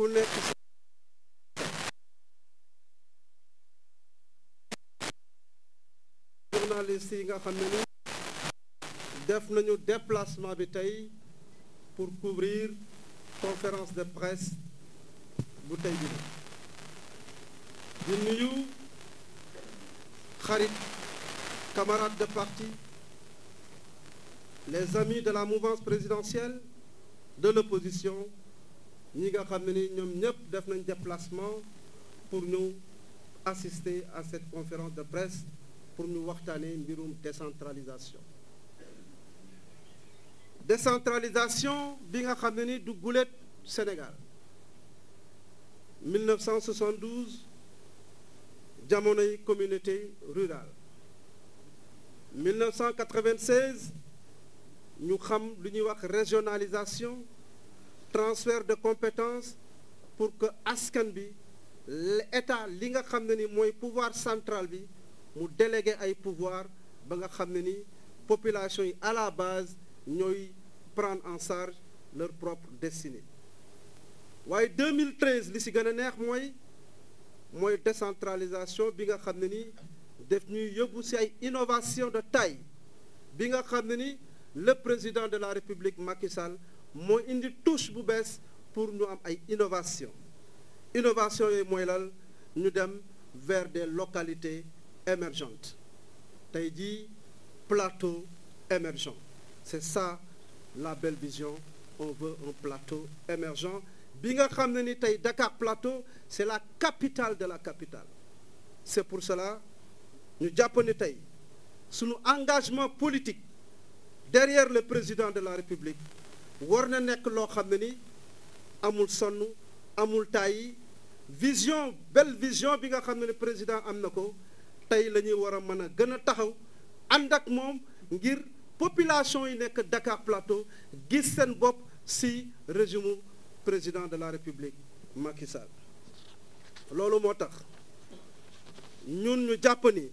ku journaliste yi nga xam ne nañu déplacement bi tey pour couvrir conférence de presse bu tey bi di nuyu xarit camarades de parti les amis de la mouvance présidentielle de l'opposition ñi nga xam ne ni ñoom ñëpp def nañ déplacement pour ñu assister à cette conférence de presse pour ñu waxtaanee mbirum décentralisation décentralisation bi nga xam ne ni du gulet Sénégal 1972 jamonoy communauté rurale 1996 ñu xam lu ñuy wax régionalisation transfert de compétence pour que askan bi état li nga xam ne ni mooy pouvoir central bi mu délégué ay pouvoir ba nga xam ne ni population yi à la base ñooy prendre en charge leur propre destinée waaye 2013 li si gën a neex mooy mooy décentralisation bi nga xam ne ni def ñuy yóbbu si ay innovation de taille bi nga xam ne ni le président de la république Macky Sall moo indi touche bu bees pour ñu am ay innovation innovation yooyu mooy lal ñu dem vers des localités émergentes tey jii plateau émergent c'est ça la belle vision on veut un plateau émergent bi nga xam ne ni tey Dakar Plateau c'est la capitale de la capitale c'est pour cela ñu jàpp ne tey sunu engagement politique derrière le président de la République war na nekk loo xam ne ni amul sonn amul tàyyi vision belle vision bi nga xam ne ni président am na ko tey la ñuy war a mën a gën a taxaw ànd ak moom ngir population yi nekk Dakar Plateau gis seen bopp si régime président de la République Macky loolu moo tax ñun ñu jàpp ni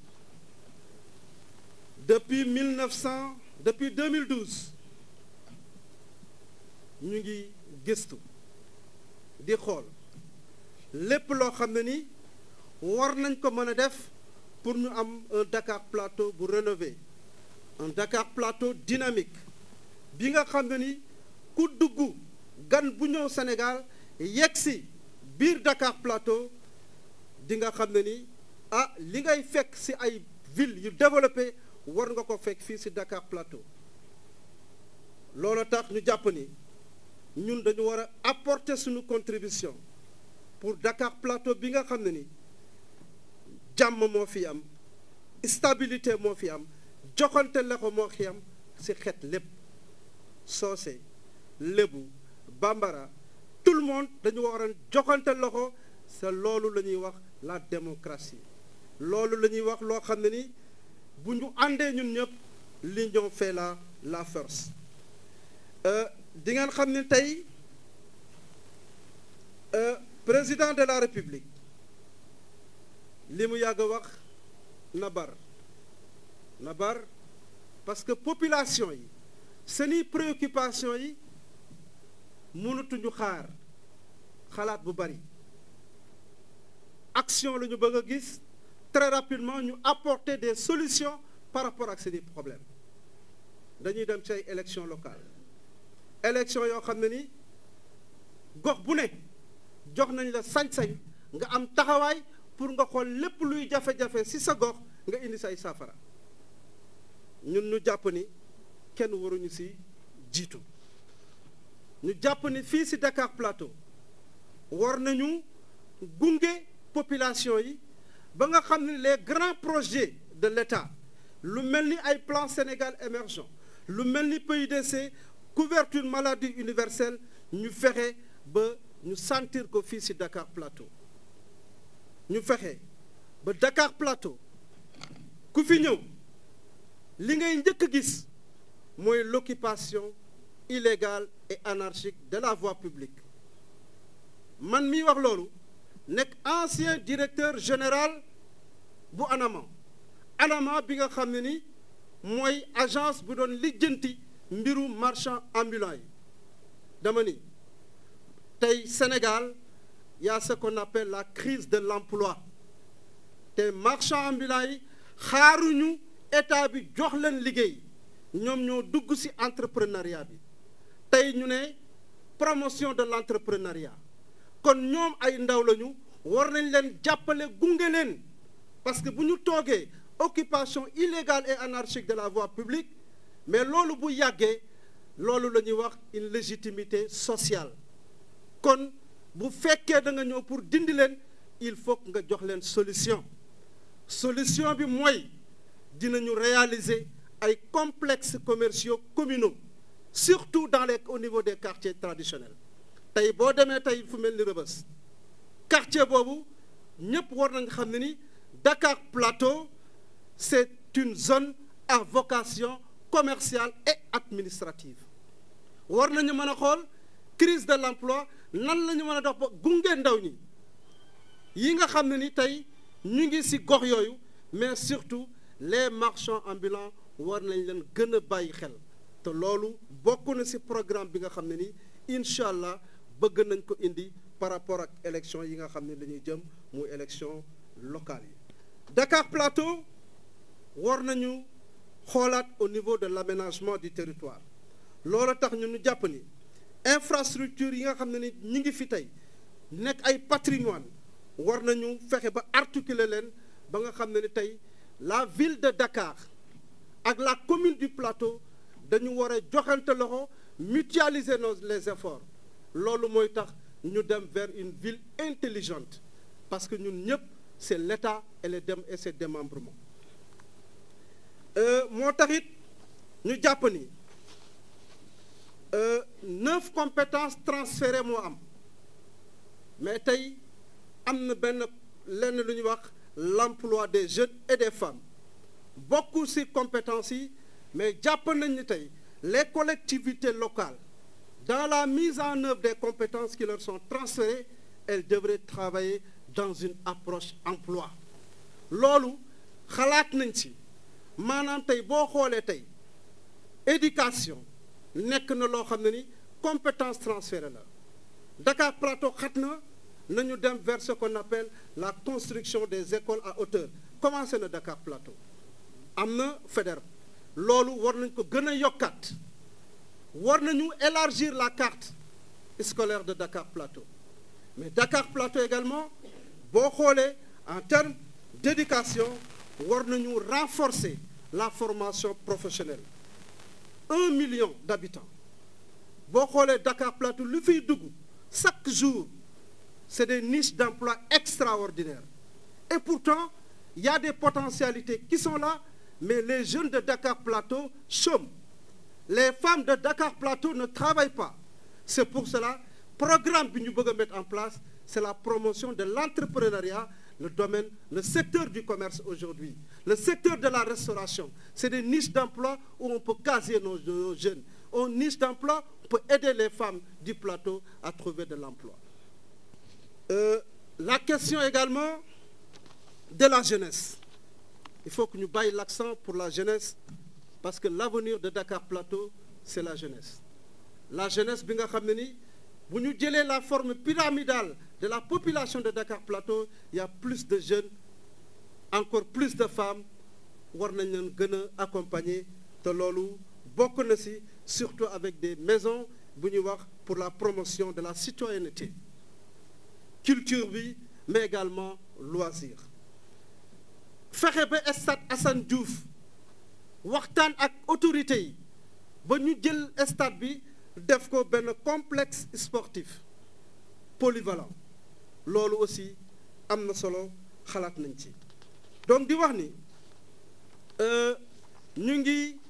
depuis 1900 depuis 2012 ñu ngi gëstu di xool lépp loo xam ne ni war nañ ko mën a def pour ñu am un Dakar plateau bu rénové un Dakar plateau dynamique bi nga xam ne ni ku dugg gan bu ñëw Sénégal yegg si biir Dakar plateau di nga xam ne ni ah li ngay fekk ci ay ville yu développé war nga ko fekk fii ci Dakar plateau loolu tax ñu jàpp ni ñun dañu war a apporter suñu contribution pour Dakar Plateau bi nga xam ne ni jàmm moo fi am stabilité moo fi am joxante loxo moo fi am ci xeet lépp soose lébu bambara tout le monde dañu waroon joxante loxo sa loolu la ñuy wax la démocratie loolu la ñuy wax loo xam ne ni bu ñu àndee ñun ñëpp l'union fait la la force. Euh, di ngeen xam ne tey euh, président de la république li mu yàgg wax na bar na bar parce que population yi seeni préoccupation yi mënatuñu xaar xalaat bu bari action la ñu bëgg a gis très rapidement ñu apporter des solutions par rapport ak seeni problèmes dañuy dem ci ay élections locales élection yoo xam ne ni gox bu ne jox nañ la sañ-sañ nga am taxawaay pour nga xool lépp luy jafe-jafe ci sa gox nga indi say saafara ñun ñu jàpp ni kenn waruñu ci jiitu ñu jàpp ni fii ci Dakar Plateau war nañu gunge population yi ba nga xam ne les grands projet de l'État lu mel ni ay plan Sénégal émergent lu mel ni PUDC couverture maladie universelle ñu fexe ba ñu sentir ko fii ci Dakar Plateau ñu fexe ba Dakar Plateau ku fi ñëw li ngay njëkk a gis mooy l'occupation illégale et anarchique de la voie publique man mi wax loolu nekk ancien directeur général bu ANAMA ANAMA bi nga xam ne ni mooy agence bu doon lijjanti mbiru marchand ambulant yi dama ni tey Sénégal ya a ce qu'on appelle la crise de l'emploi te marchand ambulant yi xaaruñu état bi jox leen liggéey ñoom ñoo dugg ci entrepreneuriat bi tey ñu ne promotion de l'entrepreneuriat kon ñoom ay ndaw lañu war nañ leen jàppale gunge leen parce que bu ñu toogee occupation illégale et anarchique de la voie publique mais loolu bu yàggee loolu la ñuy wax une légitimité sociale kon bu fekkee da nga ñëw pour dindi leen il faut nga jox leen solution solution bi mooy dinañu réaliser ay complexes commerciaux communaux surtout dans les au niveau des quartiers traditionnels tey boo demee tey fu mel ni Rebeuss quartier boobu ñëpp war nañ xam ne ni Dakar Plateau c'est une zone à vocation commerciale et administrative war nañu mën a xool crise de l'emploi nan la ñu mën a dox ba gungee ndaw ñi yi nga xam ne ni tey ñu ngi ci gox yooyu mais surtout les marchands ambulants war nañ leen gën a bàyyi xel te loolu bokk na ci programme bi nga xam ne ni incha allah bëgg nañ ko indi par rapport ak élection yi nga xam ne dañuy jëm muy élection locale yi Dakar Plateau war nañu xoolaat au niveau de l' aménagement du territoire loolu a tax ñu ñu jàpp ni infrastructure yi nga xam ne ni ñu ngi fi tey nekk ay patrimoine war nañu fexe ba articuler leen ba nga xam ne ni tey la ville de Dakar ak la commune du plateau dañu war a joxante loxo mutualiser nos les efforts loolu mooy tax ñu dem vers une ville intelligente parce que ñun ñëpp c'est l'État et les dem et ses démembrements Euh, moo taxit ñu jàpp ni euh, neuf compétences transférées moo am mais tey am na benn lenn lu ñuy wax l'emploi des jeunes et des femmes bokkul ci compétences yi mais jàpp nañ ni tey les collectivités locales dans la mise en œuvre des compétences qui leur sont transférées elles devraient travailler dans une approche emploi loolu xalaat nañ ci maanaam tey boo xoolee tey éducation nekk na loo xam ne ni compétence transférée la Dakar Plateau xat na nañu dem vers ce qu'on appelle la construction des écoles à hauteur commencé na Dakar Plateau am na FEDER loolu war nañ ko gën a yokkaat war nañu élargir la carte scolaire de Dakar Plateau mais Dakar Plateau également boo xoolee en termes d'éducation war nañu renforcer la formation professionnelle un million d'habitants boo xoolee Dakar Plateau lu fiy dugg chaque jour c'est des niches d'emploi extraordinaires et pourtant il y a des potentialités qui sont là mais les jeunes de Dakar Plateau chôment les femmes de Dakar Plateau ne travaillent pas c'est pour cela programme bi ñu bëgg mettre en place c'est la promotion de l'entrepreneuriat le domaine le secteur du commerce aujourd'hui Le secteur de la restauration, c'est des niches d'emploi où on peut caser nos, nos jeunes. En niche d'emploi, on aider les femmes du plateau à trouver de l'emploi. Euh, la question également de la jeunesse. Il faut que nous baillons l'accent pour la jeunesse parce que l'avenir de Dakar Plateau, c'est la jeunesse. La jeunesse, bi nga xam ne ni bu ñu jëlee la forme pyramidale de la population de Dakar Plateau, il y a plus de jeunes encore plus de femmes war nañ leen gën a accompagner te loolu bokk na ci surtout avec des maisons bu ñuy wax pour la promotion de la citoyenneté culture bi mais également loisir fexe ba stade Assane Diouf waxtaan ak autorités yi ba ñu jël stade bi def ko benn complexe sportif polyvalent loolu aussi am na solo xalaat nañ ci donc di wax ni euh, ñu ngi